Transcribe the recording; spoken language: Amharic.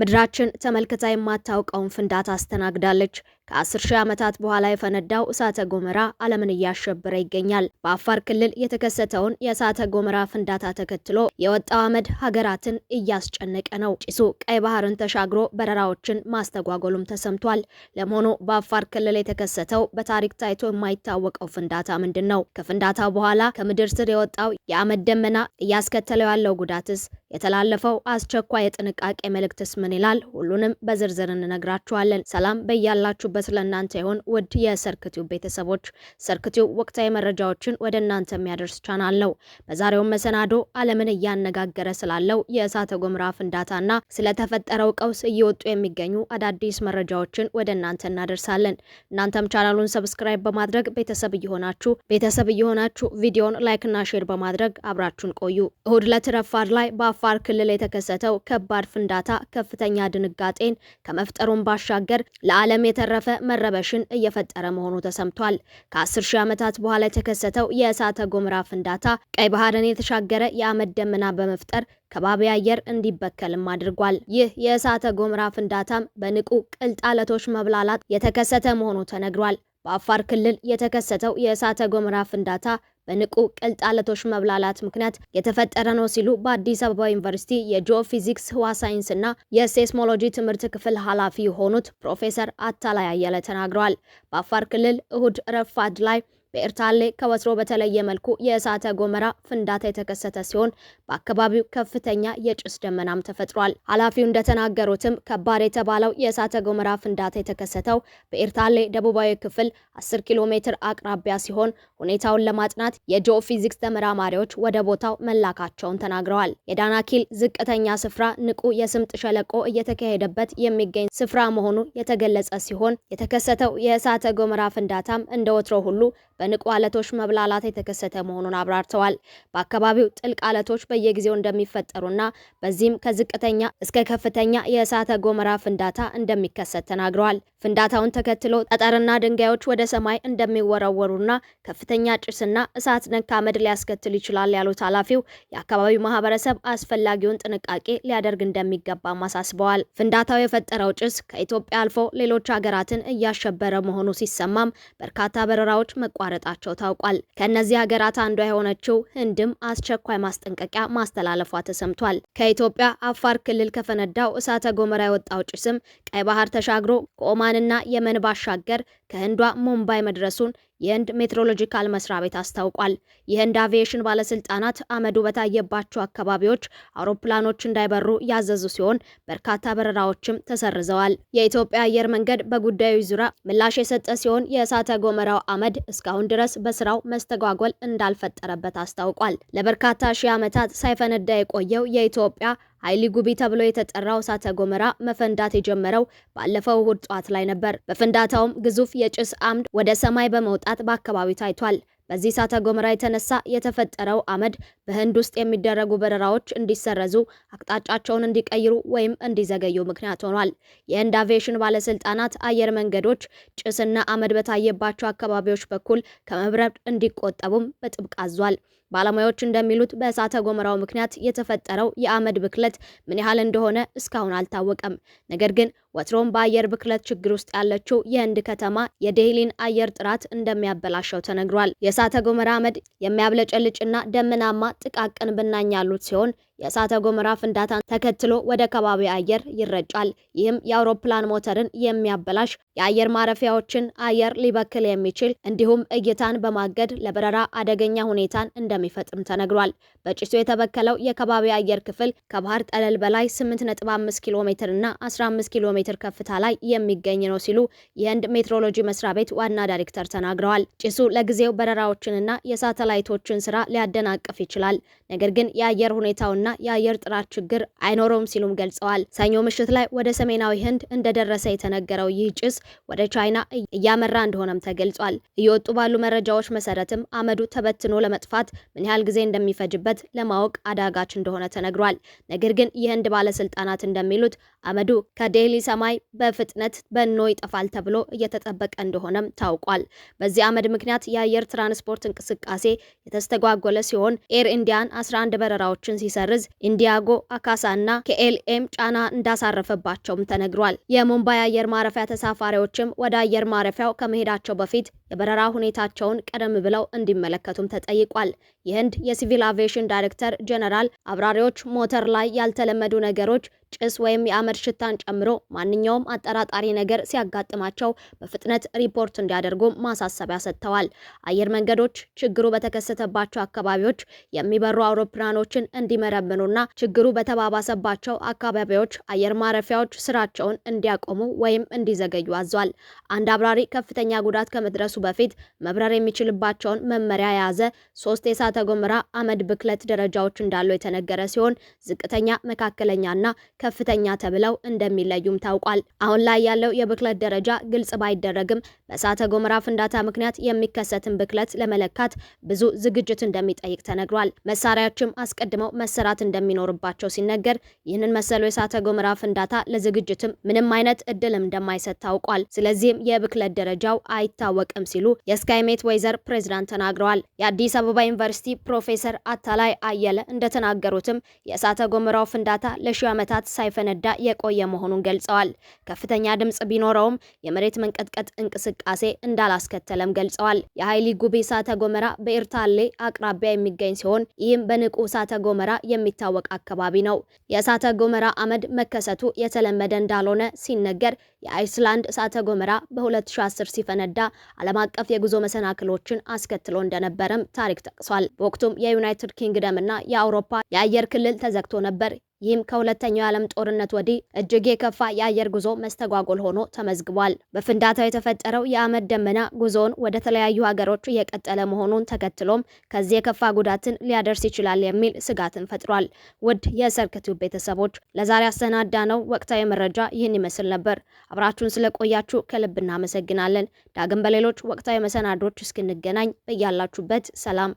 ምድራችን ተመልክታ የማታውቀውን ፍንዳታ አስተናግዳለች። ከ10 ሺህ ዓመታት በኋላ የፈነዳው እሳተ ጎመራ ዓለምን እያሸበረ ይገኛል። በአፋር ክልል የተከሰተውን የእሳተ ጎመራ ፍንዳታ ተከትሎ የወጣው አመድ ሀገራትን እያስጨነቀ ነው። ጭሱ ቀይ ባህርን ተሻግሮ በረራዎችን ማስተጓጎሉም ተሰምቷል። ለመሆኑ በአፋር ክልል የተከሰተው በታሪክ ታይቶ የማይታወቀው ፍንዳታ ምንድን ነው? ከፍንዳታው በኋላ ከምድር ስር የወጣው የአመድ ደመና እያስከተለው ያለው ጉዳትስ? የተላለፈው አስቸኳይ የጥንቃቄ መልእክትስ ምን ይላል? ሁሉንም በዝርዝር እንነግራችኋለን። ሰላም በያላችሁበት ያደረስኩት ለእናንተ ይሆን ውድ የሰርክቲው ቤተሰቦች። ሰርክቲው ወቅታዊ መረጃዎችን ወደ እናንተ የሚያደርስ ቻናል ነው። በዛሬውም መሰናዶ ዓለምን እያነጋገረ ስላለው የእሳተ ገሞራ ፍንዳታና ስለተፈጠረው ቀውስ እየወጡ የሚገኙ አዳዲስ መረጃዎችን ወደ እናንተ እናደርሳለን። እናንተም ቻናሉን ሰብስክራይብ በማድረግ ቤተሰብ እየሆናችሁ ቤተሰብ እየሆናችሁ ቪዲዮን ላይክና ሼር በማድረግ አብራችሁን ቆዩ። እሁድ ዕለት ረፋድ ላይ በአፋር ክልል የተከሰተው ከባድ ፍንዳታ ከፍተኛ ድንጋጤን ከመፍጠሩን ባሻገር ለዓለም የተረፈ ያለፈ መረበሽን እየፈጠረ መሆኑ ተሰምቷል። ከ10 ሺህ ዓመታት በኋላ የተከሰተው የእሳተ ጎምራ ፍንዳታ ቀይ ባህርን የተሻገረ የአመድ ደመና በመፍጠር ከባቢ አየር እንዲበከልም አድርጓል። ይህ የእሳተ ጎምራ ፍንዳታም በንቁ ቅልጣለቶች መብላላት የተከሰተ መሆኑ ተነግሯል። በአፋር ክልል የተከሰተው የእሳተ ጎምራ ፍንዳታ በንቁ ቅልጣለቶች መብላላት ምክንያት የተፈጠረ ነው ሲሉ በአዲስ አበባ ዩኒቨርሲቲ የጂኦ ፊዚክስ ህዋ ሳይንስና የሴስሞሎጂ ትምህርት ክፍል ኃላፊ የሆኑት ፕሮፌሰር አታላይ አየለ ተናግረዋል። በአፋር ክልል እሁድ ረፋድ ላይ በኤርታሌ ከወትሮ በተለየ መልኩ የእሳተ ገሞራ ፍንዳታ የተከሰተ ሲሆን በአካባቢው ከፍተኛ የጭስ ደመናም ተፈጥሯል። ኃላፊው እንደተናገሩትም ከባድ የተባለው የእሳተ ጎመራ ፍንዳታ የተከሰተው በኤርታሌ ደቡባዊ ክፍል 10 ኪሎ ሜትር አቅራቢያ ሲሆን ሁኔታውን ለማጥናት የጂኦፊዚክስ ተመራማሪዎች ወደ ቦታው መላካቸውን ተናግረዋል። የዳናኪል ዝቅተኛ ስፍራ ንቁ የስምጥ ሸለቆ እየተካሄደበት የሚገኝ ስፍራ መሆኑ የተገለጸ ሲሆን የተከሰተው የእሳተ ጎመራ ፍንዳታም እንደ ወትሮ ሁሉ በንቁ አለቶች መብላላት የተከሰተ መሆኑን አብራርተዋል። በአካባቢው ጥልቅ አለቶች በየጊዜው እንደሚፈጠሩና በዚህም ከዝቅተኛ እስከ ከፍተኛ የእሳተ ጎመራ ፍንዳታ እንደሚከሰት ተናግረዋል። ፍንዳታውን ተከትሎ ጠጠርና ድንጋዮች ወደ ሰማይ እንደሚወረወሩና ከፍተኛ ጭስና እሳት ነካ አመድ ሊያስከትል ይችላል ያሉት ኃላፊው የአካባቢው ማህበረሰብ አስፈላጊውን ጥንቃቄ ሊያደርግ እንደሚገባ አሳስበዋል። ፍንዳታው የፈጠረው ጭስ ከኢትዮጵያ አልፎ ሌሎች ሀገራትን እያሸበረ መሆኑ ሲሰማም በርካታ በረራዎች መቋረጣቸው ታውቋል። ከእነዚህ ሀገራት አንዷ የሆነችው ህንድም አስቸኳይ ማስጠንቀቂያ ማስተላለፏ ተሰምቷል። ከኢትዮጵያ አፋር ክልል ከፈነዳው እሳተ ገሞራ የወጣው ጭስም ቀይ ባህር ተሻግሮ ከኦማን ከኦማንና የመን ባሻገር ከህንዷ ሙምባይ መድረሱን የህንድ ሜትሮሎጂካል መስሪያ ቤት አስታውቋል። የህንድ አቪዬሽን ባለስልጣናት አመዱ በታየባቸው አካባቢዎች አውሮፕላኖች እንዳይበሩ ያዘዙ ሲሆን በርካታ በረራዎችም ተሰርዘዋል። የኢትዮጵያ አየር መንገድ በጉዳዩ ዙሪያ ምላሽ የሰጠ ሲሆን የእሳተ ጎመራው አመድ እስካሁን ድረስ በስራው መስተጓጎል እንዳልፈጠረበት አስታውቋል። ለበርካታ ሺህ ዓመታት ሳይፈነዳ የቆየው የኢትዮጵያ ኃይሊ ጉቢ ተብሎ የተጠራው እሳተ ገሞራ መፈንዳት የጀመረው ባለፈው እሁድ ጠዋት ላይ ነበር። በፍንዳታውም ግዙፍ የጭስ አምድ ወደ ሰማይ በመውጣት በአካባቢው ታይቷል። በዚህ እሳተ ገሞራ የተነሳ የተፈጠረው አመድ በህንድ ውስጥ የሚደረጉ በረራዎች እንዲሰረዙ፣ አቅጣጫቸውን እንዲቀይሩ ወይም እንዲዘገዩ ምክንያት ሆኗል። የህንድ አቪዬሽን ባለስልጣናት አየር መንገዶች ጭስና አመድ በታየባቸው አካባቢዎች በኩል ከመብረር እንዲቆጠቡም በጥብቅ አዟል። ባለሙያዎች እንደሚሉት በእሳተ ገሞራው ምክንያት የተፈጠረው የአመድ ብክለት ምን ያህል እንደሆነ እስካሁን አልታወቀም። ነገር ግን ወትሮም በአየር ብክለት ችግር ውስጥ ያለችው የህንድ ከተማ የዴህሊን አየር ጥራት እንደሚያበላሸው ተነግሯል። የእሳተ ገሞራ አመድ የሚያብለጨልጭና ደመናማ ጥቃቅን ብናኝ ያሉት ሲሆን የእሳተ ገሞራ ፍንዳታን ተከትሎ ወደ ከባቢ አየር ይረጫል። ይህም የአውሮፕላን ሞተርን የሚያበላሽ የአየር ማረፊያዎችን አየር ሊበክል የሚችል እንዲሁም እይታን በማገድ ለበረራ አደገኛ ሁኔታን እንደሚፈጥም ተነግሯል። በጭሱ የተበከለው የከባቢ አየር ክፍል ከባህር ጠለል በላይ 8.5 ኪሎ ሜትር እና 15 ኪሎ ሜትር ከፍታ ላይ የሚገኝ ነው ሲሉ የህንድ ሜትሮሎጂ መስሪያ ቤት ዋና ዳይሬክተር ተናግረዋል። ጭሱ ለጊዜው በረራዎችንና የሳተላይቶችን ስራ ሊያደናቅፍ ይችላል። ነገር ግን የአየር ሁኔታውን ያለውና የአየር ጥራት ችግር አይኖረውም ሲሉም ገልጸዋል። ሰኞ ምሽት ላይ ወደ ሰሜናዊ ህንድ እንደደረሰ የተነገረው ይህ ጭስ ወደ ቻይና እያመራ እንደሆነም ተገልጿል። እየወጡ ባሉ መረጃዎች መሰረትም አመዱ ተበትኖ ለመጥፋት ምን ያህል ጊዜ እንደሚፈጅበት ለማወቅ አዳጋች እንደሆነ ተነግሯል። ነገር ግን የህንድ ባለስልጣናት እንደሚሉት አመዱ ከዴሊ ሰማይ በፍጥነት በኖ ይጠፋል ተብሎ እየተጠበቀ እንደሆነም ታውቋል። በዚህ አመድ ምክንያት የአየር ትራንስፖርት እንቅስቃሴ የተስተጓጎለ ሲሆን ኤር ኢንዲያን 11 በረራዎችን ሲሰር ሲሰርዝ ኢንዲያጎ አካሳ ና ከኤልኤም ጫና እንዳሳረፈባቸውም ተነግሯል። የሙምባይ አየር ማረፊያ ተሳፋሪዎችም ወደ አየር ማረፊያው ከመሄዳቸው በፊት የበረራ ሁኔታቸውን ቀደም ብለው እንዲመለከቱም ተጠይቋል። የህንድ የሲቪል አቪዬሽን ዳይሬክተር ጀነራል አብራሪዎች ሞተር ላይ ያልተለመዱ ነገሮች ጭስ ወይም የአመድ ሽታን ጨምሮ ማንኛውም አጠራጣሪ ነገር ሲያጋጥማቸው በፍጥነት ሪፖርት እንዲያደርጉ ማሳሰቢያ ሰጥተዋል። አየር መንገዶች ችግሩ በተከሰተባቸው አካባቢዎች የሚበሩ አውሮፕላኖችን እንዲመረምሩና ችግሩ በተባባሰባቸው አካባቢዎች አየር ማረፊያዎች ስራቸውን እንዲያቆሙ ወይም እንዲዘገዩ አዟል። አንድ አብራሪ ከፍተኛ ጉዳት ከመድረሱ በፊት መብረር የሚችልባቸውን መመሪያ የያዘ ሶስት የእሳተ ገሞራ አመድ ብክለት ደረጃዎች እንዳለው የተነገረ ሲሆን ዝቅተኛ፣ መካከለኛና ከፍተኛ ተብለው እንደሚለዩም ታውቋል። አሁን ላይ ያለው የብክለት ደረጃ ግልጽ ባይደረግም በእሳተ ገሞራ ፍንዳታ ምክንያት የሚከሰትን ብክለት ለመለካት ብዙ ዝግጅት እንደሚጠይቅ ተነግሯል። መሳሪያዎችም አስቀድመው መሰራት እንደሚኖርባቸው ሲነገር ይህንን መሰሉ የእሳተ ገሞራ ፍንዳታ ለዝግጅትም ምንም አይነት እድልም እንደማይሰጥ ታውቋል። ስለዚህም የብክለት ደረጃው አይታወቅም ሲሉ የስካይሜት ወይዘር ፕሬዝዳንት ተናግረዋል። የአዲስ አበባ ዩኒቨርሲቲ ፕሮፌሰር አታላይ አየለ እንደተናገሩትም የእሳተ ገሞራው ፍንዳታ ለሺ ዓመታት ሳይፈነዳ የቆየ መሆኑን ገልጸዋል። ከፍተኛ ድምፅ ቢኖረውም የመሬት መንቀጥቀጥ እንቅስቃሴ እንዳላስከተለም ገልጸዋል። የሀይሊ ጉቢ እሳተ ጎመራ በኤርታሌ አቅራቢያ የሚገኝ ሲሆን ይህም በንቁ እሳተ ጎመራ የሚታወቅ አካባቢ ነው። የእሳተ ጎመራ አመድ መከሰቱ የተለመደ እንዳልሆነ ሲነገር የአይስላንድ እሳተ ጎመራ በ2010 ሲፈነዳ ዓለም አቀፍ የጉዞ መሰናክሎችን አስከትሎ እንደነበረም ታሪክ ጠቅሷል። በወቅቱም የዩናይትድ ኪንግደም እና የአውሮፓ የአየር ክልል ተዘግቶ ነበር። ይህም ከሁለተኛው የዓለም ጦርነት ወዲህ እጅግ የከፋ የአየር ጉዞ መስተጓጎል ሆኖ ተመዝግቧል። በፍንዳታው የተፈጠረው የአመድ ደመና ጉዞውን ወደ ተለያዩ ሀገሮች እየቀጠለ መሆኑን ተከትሎም ከዚህ የከፋ ጉዳትን ሊያደርስ ይችላል የሚል ስጋትን ፈጥሯል። ውድ የሰርክቱ ቤተሰቦች ለዛሬ አሰናዳ ነው ወቅታዊ መረጃ ይህን ይመስል ነበር። አብራችሁን ስለቆያችሁ ከልብ እናመሰግናለን። ዳግም በሌሎች ወቅታዊ መሰናዶች እስክንገናኝ በያላችሁበት ሰላም